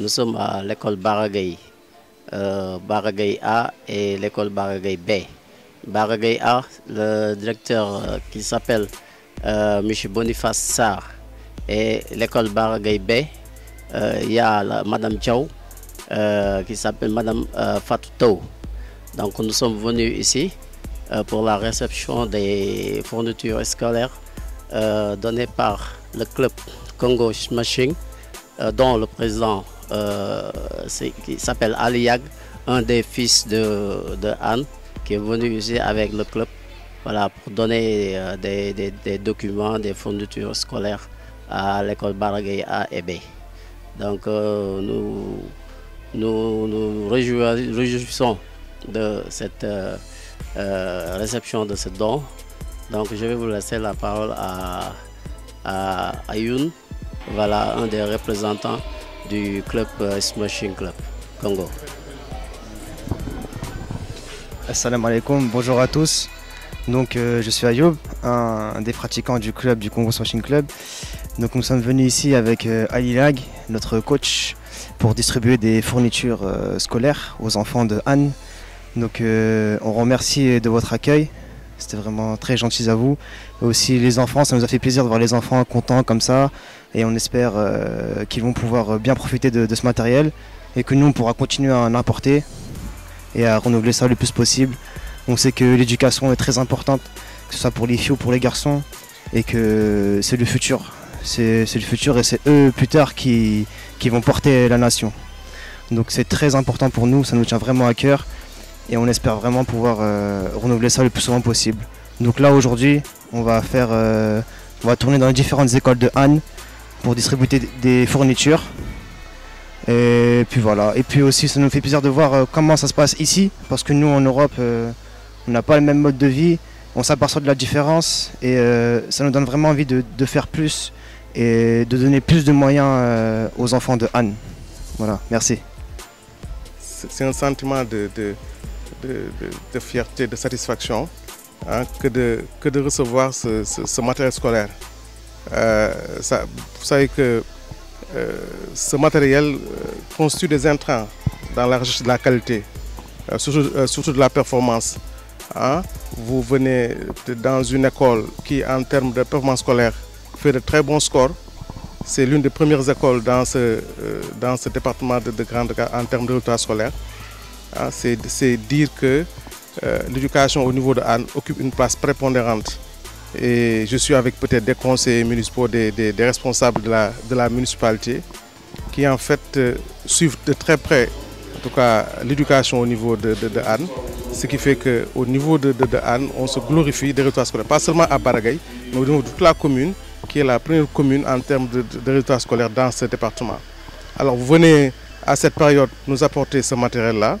Nous sommes à l'école Baragay, euh, Baragay A et l'école Baragay B. Baragay A, le directeur euh, qui s'appelle euh, M. Boniface Sarr et l'école Baragay B, euh, il y a la, Madame qui s'appelle Madame Fatou Donc nous sommes venus ici pour la réception des fournitures scolaires données par le club Congo Machine dont le président euh, qui s'appelle Aliag, un des fils de, Anne, qui est venu ici avec le club voilà, pour donner euh, des, documents, des fournitures scolaires à l'école Baragay à Ebé. Donc euh, nous, nous réjouissons de cette réception de ce don. Donc je vais vous laisser la parole à, à, voilà, un des représentants du club euh, Smashing Club Congo. Assalamu alaikum, bonjour à tous. Donc euh, je suis Ayoub, un, des pratiquants du club du Congo Smashing Club. Donc nous sommes venus ici avec euh, Ali Lag, notre coach, pour distribuer des fournitures scolaires aux enfants de Anne. Donc on remercie de votre accueil c'était vraiment très gentil à vous. Aussi les enfants, ça nous a fait plaisir de voir les enfants contents comme ça. Et on espère euh, qu'ils vont pouvoir euh, bien profiter de, ce matériel et que nous, on pourra continuer à en apporter et à renouveler ça le plus possible. On sait que l'éducation est très importante, que ce soit pour les filles ou pour les garçons, et que c'est le futur. C'est le futur et c'est eux plus tard qui, qui vont porter la nation. Donc c'est très important pour nous, ça nous tient vraiment à cœur et on espère vraiment pouvoir euh, renouveler ça le plus souvent possible. Donc là aujourd'hui, on va faire, euh, on va tourner dans les différentes écoles de Anne pour distribuer des fournitures. Et puis voilà. Et puis aussi, ça nous fait plaisir de voir euh, comment ça se passe ici, parce que nous en Europe, on n'a pas le même mode de vie, on s'aperçoit de la différence et ça nous donne vraiment envie de, faire plus et de donner plus de moyens aux enfants de Anne. Voilà. Merci. C'est un sentiment de de, fierté, de satisfaction hein, que, de, recevoir ce, matériel scolaire. Euh, ça, vous savez que euh, ce matériel euh, constitue des intrants dans la la qualité, surtout, de la performance. Hein. Vous venez dans une école qui, en termes de performance scolaire, fait de très bons scores. C'est l'une des premières écoles dans ce, dans ce département de, de grande en termes de résultats scolaires. Ah, c'est dire que euh, l'éducation au niveau de Anne occupe une place prépondérante. Et je suis avec peut-être des conseillers municipaux, des, responsables de la, municipalité, qui en fait euh, suivent de très près, en tout cas, l'éducation au niveau de, Anne. Ce qui fait qu'au niveau de, Anne, on se glorifie des résultats scolaires, pas seulement à Baragay, mais au niveau de toute la commune, qui est la première commune en termes de, résultats scolaires dans ce département. Alors vous venez à cette période nous apporter ce matériel-là,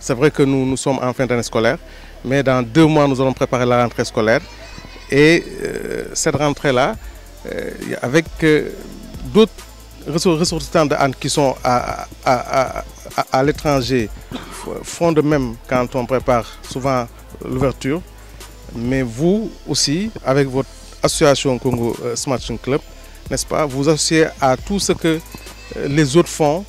c'est vrai que nous, nous sommes en fin d'année scolaire, mais dans deux mois, nous allons préparer la rentrée scolaire. Et euh, cette rentrée-là, euh, avec euh, d'autres ressortissants qui sont à, l'étranger, font de même quand on prépare souvent l'ouverture. Mais vous aussi, avec votre association Congo Smart Club, n'est-ce pas, vous associez à tout ce que les autres font.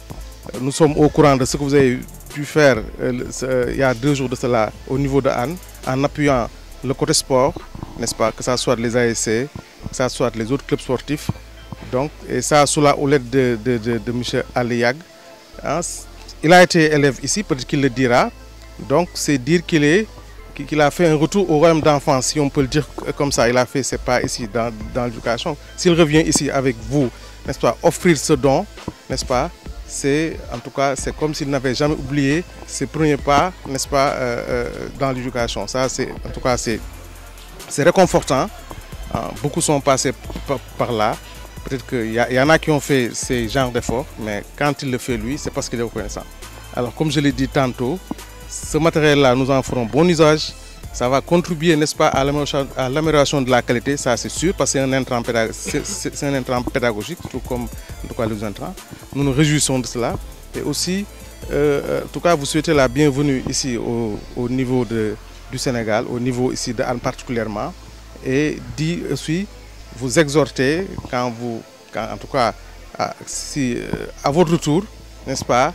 Nous sommes au courant de ce que vous avez eu pu faire euh, euh, il y a deux jours de cela au niveau de Anne, en appuyant le côté sport, n'est-ce pas, que ce soit les ASC, que ce soit les autres clubs sportifs. Donc, et ça sous la houlette de, de, de, Aliyag. Hein, il a été élève ici, peut-être qu'il le dira. Donc, c'est dire qu'il est qu'il a fait un retour au royaume d'enfance, si on peut le dire euh, comme ça. Il a fait ses pas ici dans, dans l'éducation. S'il revient ici avec vous, n'est-ce pas, offrir ce don, n'est-ce pas, c'est en tout cas c'est comme s'il n'avait jamais oublié ses premiers pas, n'est-ce pas, euh, euh, dans l'éducation. Ça, c'est en tout cas c'est réconfortant. Ah, beaucoup sont passés par là. Peut-être qu'il y, en a qui ont fait ces genres d'efforts, mais quand il le fait lui, c'est parce qu'il est reconnaissant. Alors comme je l'ai dit tantôt, ce matériel-là, nous en ferons bon usage ça va contribuer, n'est-ce pas, à l'amélioration de la qualité, ça c'est sûr, parce que c'est un, un pédagogique, tout comme en tout cas, les Nous nous réjouissons de cela. Et aussi, euh, en tout cas, vous souhaitez la bienvenue ici au, niveau de, du Sénégal, au niveau ici d'Anne particulièrement, et dit aussi, vous exhortez, quand vous, en tout cas, à, euh, à votre tour, n'est-ce pas,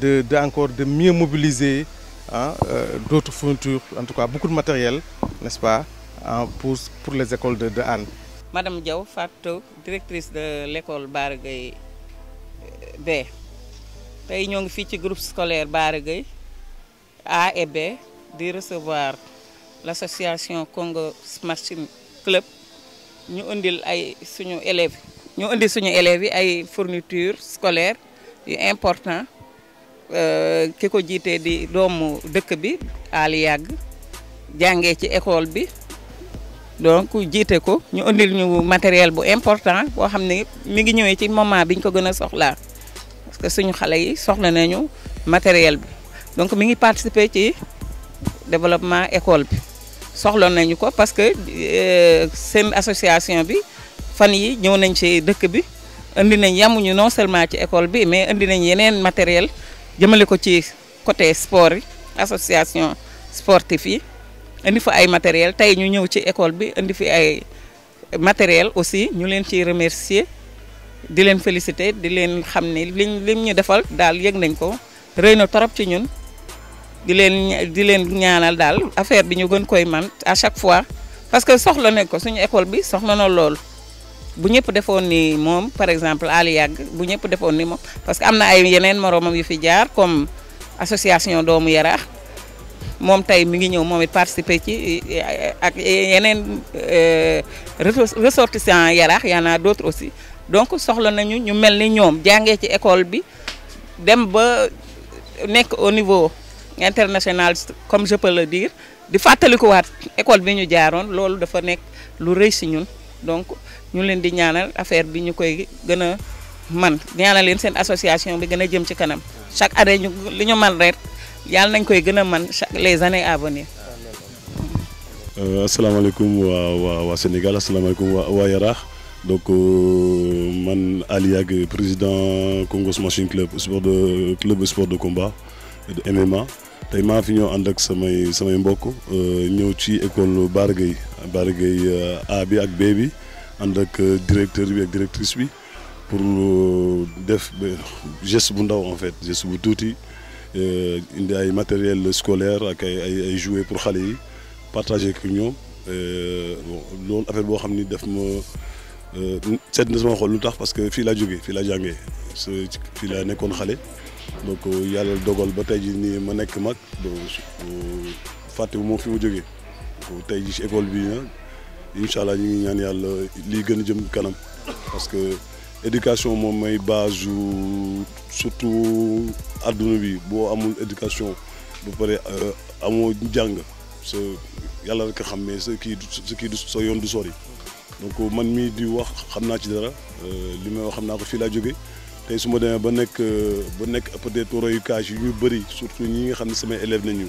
de, encore de mieux mobiliser Hein, euh, d'autres fournitures, en tout cas beaucoup de matériel, n'est-ce pas, hein, pour, les écoles de, Anne. Madame Diaw Fatou, directrice de l'école Bargay euh, B. Nous avons ngi groupe scolaire A et B de recevoir l'association Congo Machine Club Nous avons des élèves Nous avons élèves fournitures scolaires importantes Euh, ki ko jiitee di doomu dëkk bi Ali Yàgg jàngee ci école bi donc jiite ko ñu indil ñu matériel bu important boo xam ne mi ngi ñëwee ci moment bi biñ ko gën a soxlaa parce que suñu xale yi soxla nañu matériel bi donc mi ngi participer ci développement école bi soxla nañu ko parce que euh, seen association bi fan yi ñëw nañ ci dëkk bi indi nañ yamuñu non seulement ci école bi mais indi nañ yeneen matériel jëmale ko ci côté sport association sportive yi indi fa ay matériel tey ñu ñëw ci école bi indi fi ay matériel aussi ñu leen ciy remercier di leen féliciter di leen xam ne liñ lim ñu defal daal yëg nañ ko rëy na torop ci ñun di leen di leen ñaanal daal affaire bi ñu gën koy man à chaque fois parce que soxla nañ ko suñu école bi soxla na loolu bu ñëpp defoon ni moom par exemple Ali yàgg bu ñëpp defoon ni moom parce que am na ay yeneen moroomam yu fi jaar comme association doomu yaraax moom tey mi ngi ñëw moom it participer ci ak yeneen euh, ressortissant yaraax y en a d'autres aussi donc soxla nañu ñu mel ni ñoom jàngee ci école bi dem ba nekk au niveau international comme je peux le dire di fàttalikuwaat école bi ñu jaaroon loolu dafa nekk lu rëy si ñun donc ñu leen di ñaanal affaire bi ñu gëna man ñaanal leen seen association bi gëna jëm ci kanam chaque année ñu liñu man reet yal nañ koy gëna man chaque les années à venir. Euh, asalaamaaleykum waa waa waa Sénégal asalaamaaleykum waa waa Yaraax donc euh, man Aliag président Congo machine club sport de club sport de combat de MMA tay ma fi ñoo ànd ak samay samay mbokk euh, ñëw ci école Bargay Bara Gaye euh, A bi ak B and ak euh, directeur bi ak directrice bi pour def geste bu ndaw en fait geste bu touti euh indi ay matériel scolaire ak ay ay jouer pour xale yi partagé ak euh, bon loolu affaire bo xamni def ma seet na sama xol lutax parce que fii laa jógee fii laa jàngee fi la nekkoon xale donc yalla dogal ba tay jii nii ma nek mak donc fàtte mo fi mu jogué donc tey jii école bi ah, incha allah ñu ngi ñaan yalla li gëna jëm kanam parce que éducation mom may base surtout aduna bi bo amul éducation bu paré euh, amo jàng sa yàlla rek a xam mais sa kii sa kii du sa yoon du sori donc man mi di wax xamna ci dara euh, li may wax xam ko fi la joggé tay suma ma ba nek euh, ba nek peut-être royukaay yu ñu bëri surtout ñi nga xam sama samay élèves nañu.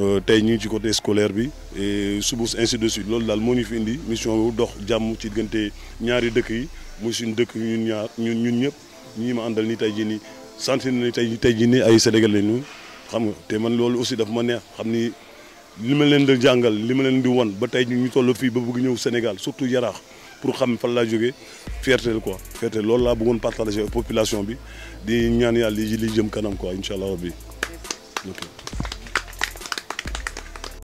Euh, tay ñu côté scolaire bi et ainsi de suite C'est ce moo ñu fi indi mission wu dox jamm ci diggante ñaari dëkk yi muy suñu dëkk ñun ñaar ñun ñun ñëpp ñi ma andal ni tay jii ni ni ni tay tey ni ay Sénégalais ñu xam nga té man aussi daf ma neex xam ni li ma leen di li ma leen di won ba tay ñu tollu fi ba bëgg ñëw Sénégal surtout yarax pour xam fan la fierté la population